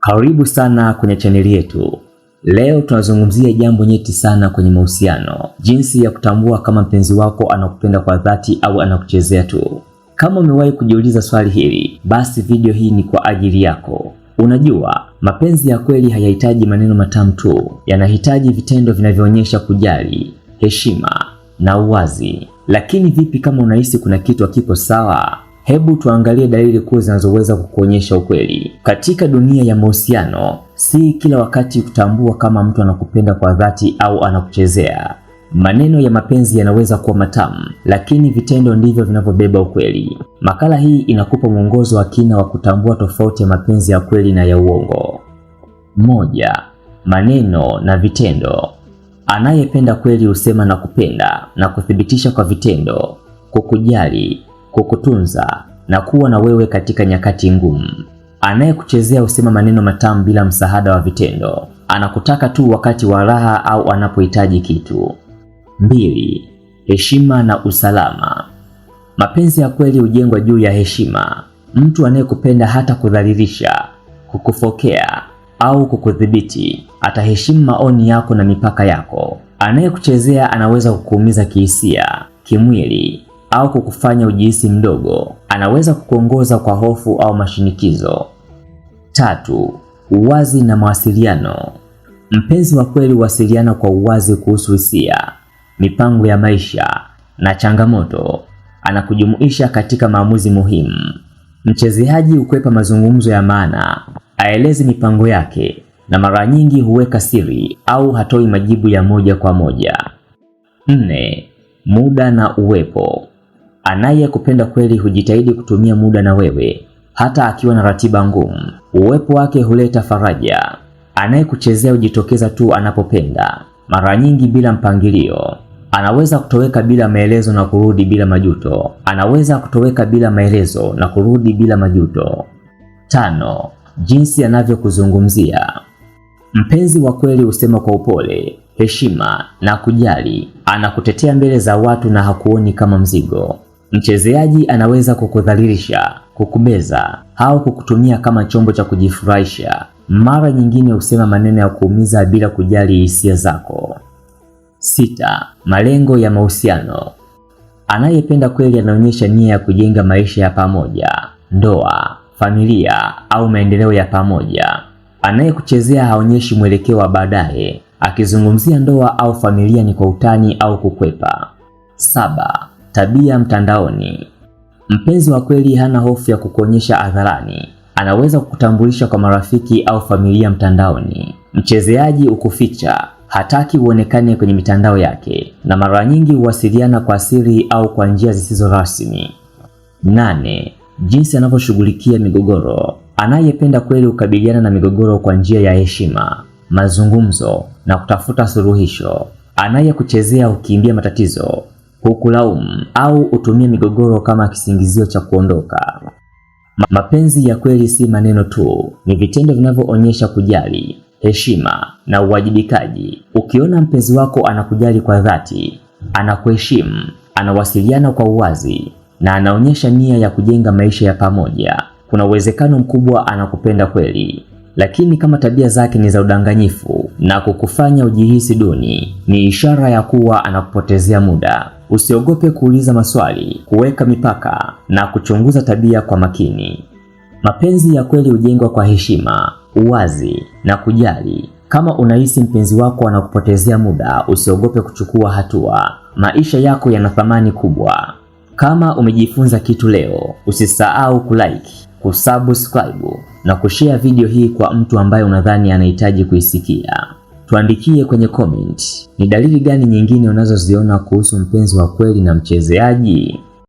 Karibu sana kwenye chaneli yetu. Leo tunazungumzia jambo nyeti sana kwenye mahusiano, jinsi ya kutambua kama mpenzi wako anakupenda kwa dhati au anakuchezea tu. Kama umewahi kujiuliza swali hili, basi video hii ni kwa ajili yako. Unajua, mapenzi ya kweli hayahitaji maneno matamu tu, yanahitaji vitendo vinavyoonyesha kujali, heshima na uwazi. Lakini vipi kama unahisi kuna kitu hakipo sawa? Hebu tuangalie dalili kuu zinazoweza kukuonyesha ukweli. Katika dunia ya mahusiano, si kila wakati kutambua kama mtu anakupenda kwa dhati au anakuchezea. Maneno ya mapenzi yanaweza kuwa matamu, lakini vitendo ndivyo vinavyobeba ukweli. Makala hii inakupa mwongozo wa kina wa kutambua tofauti ya mapenzi ya kweli na ya uongo. Moja, maneno na vitendo. Anayependa kweli husema na kupenda na kuthibitisha kwa vitendo, kukujali, kukutunza, na kuwa na wewe katika nyakati ngumu. Anayekuchezea usema maneno matamu bila msaada wa vitendo. Anakutaka tu wakati wa raha au anapohitaji kitu. Mbili, heshima na usalama. Mapenzi ya kweli hujengwa juu ya heshima. Mtu anayekupenda hata kudhalilisha, kukufokea au kukudhibiti ataheshimu maoni yako na mipaka yako. Anayekuchezea anaweza kukuumiza kihisia, kimwili au kukufanya ujihisi mdogo. Anaweza kukuongoza kwa hofu au mashinikizo. Tatu, uwazi na mawasiliano. Mpenzi wa kweli huwasiliana kwa uwazi kuhusu hisia, mipango ya maisha na changamoto. Anakujumuisha katika maamuzi muhimu. Mchezeaji hukwepa mazungumzo ya maana, aelezi mipango yake na mara nyingi huweka siri au hatoi majibu ya moja kwa moja. Nne, muda na uwepo. Anayekupenda kweli hujitahidi kutumia muda na wewe hata akiwa na ratiba ngumu. Uwepo wake huleta faraja. Anayekuchezea hujitokeza tu anapopenda, mara nyingi bila mpangilio. Anaweza kutoweka bila maelezo na kurudi bila majuto. Anaweza kutoweka bila maelezo na kurudi bila majuto. Tano, jinsi anavyokuzungumzia. Mpenzi wa kweli husema kwa upole, heshima na kujali. Anakutetea mbele za watu na hakuoni kama mzigo. Mchezeaji anaweza kukudhalilisha, kukubeza au kukutumia kama chombo cha kujifurahisha. Mara nyingine husema maneno ya kuumiza bila kujali hisia zako. Sita, malengo ya mahusiano. Anayependa kweli anaonyesha nia ya kujenga maisha ya pamoja, ndoa, familia au maendeleo ya pamoja. Anayekuchezea haonyeshi mwelekeo wa baadaye. Akizungumzia ndoa au familia ni kwa utani au kukwepa. Saba, Tabia mtandaoni. Mpenzi wa kweli hana hofu ya kukuonyesha hadharani, anaweza kukutambulisha kwa marafiki au familia mtandaoni. Mchezeaji ukuficha, hataki uonekane kwenye mitandao yake, na mara nyingi huwasiliana kwa siri au kwa njia zisizo rasmi. Nane, jinsi anavyoshughulikia migogoro. Anayependa kweli hukabiliana na migogoro kwa njia ya heshima, mazungumzo na kutafuta suluhisho. Anayekuchezea hukimbia matatizo hukulaumu au utumie migogoro kama kisingizio cha kuondoka. Mapenzi ya kweli si maneno tu, ni vitendo vinavyoonyesha kujali, heshima na uwajibikaji. Ukiona mpenzi wako anakujali kwa dhati, anakuheshimu, anawasiliana kwa uwazi na anaonyesha nia ya kujenga maisha ya pamoja, kuna uwezekano mkubwa anakupenda kweli. Lakini kama tabia zake ni za udanganyifu na kukufanya ujihisi duni, ni ishara ya kuwa anakupotezea muda. Usiogope kuuliza maswali, kuweka mipaka na kuchunguza tabia kwa makini. Mapenzi ya kweli hujengwa kwa heshima, uwazi na kujali. Kama unahisi mpenzi wako anakupotezea muda, usiogope kuchukua hatua. Maisha yako yana thamani kubwa. Kama umejifunza kitu leo, usisahau kulike, kusubscribe na kushare video hii kwa mtu ambaye unadhani anahitaji kuisikia. Tuandikie kwenye comment ni dalili gani nyingine unazoziona kuhusu mpenzi wa kweli na mchezeaji.